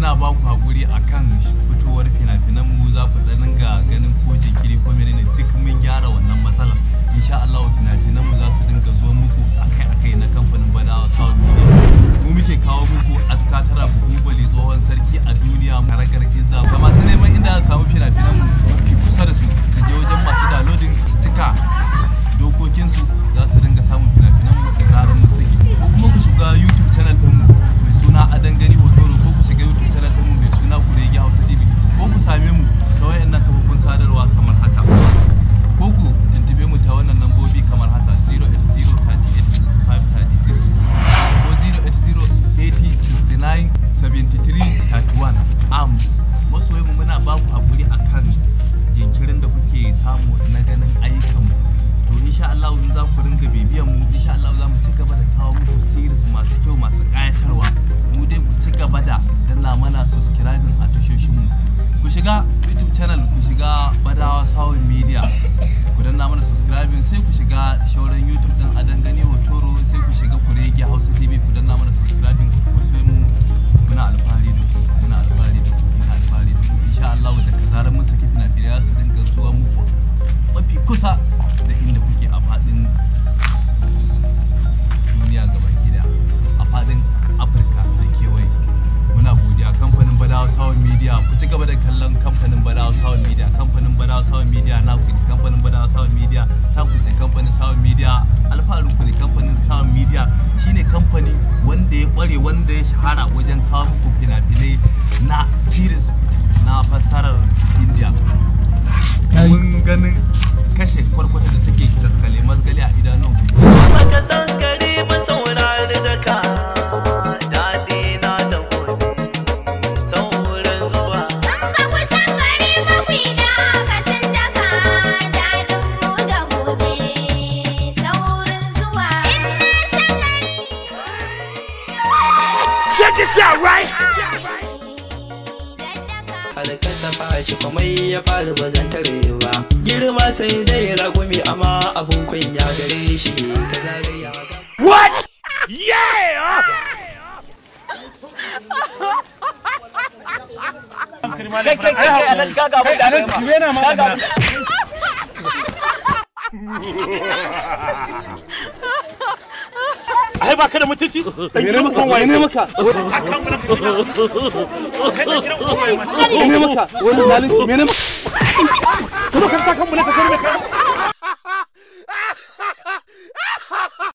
muna ba ku a kan fitowar fina-finan za ku dinga ganin ko jinkiri ko menene duk mun gyara wannan matsalar insha Allah fina-finan mu za su dinga zo muku akai-akai na kamfanin Badawa Sound Media mu muke kawo muku askatara buhubali tsohon sarki a duniya karagar izza samu na ganin ayyukan mu to insha Allah za ku ringa bibiyan mu insha Allah za mu ci gaba da kawo muku series masu kyau masu ƙayatarwa ku ci gaba da kallon kamfanin badawa sound media kamfanin badawa sound media na ku ne kamfanin badawa sound media ta ku ce kamfanin sound media alfaharin ku ne kamfanin sound media shine kamfani wanda ya kware wanda ya shahara wajen kawo muku fina-finai na tashi komai ya fara ba zan tare ba girma sai dai ragumi amma abun kunya gare shi ka zare ya what yeah kai kai kai alhaji kaga baka da mutunci dan gidan maka waye ne maka kan mun kake kai da gidan uban waye ne maka wani zalunci ne maka Ka kan mu kan ka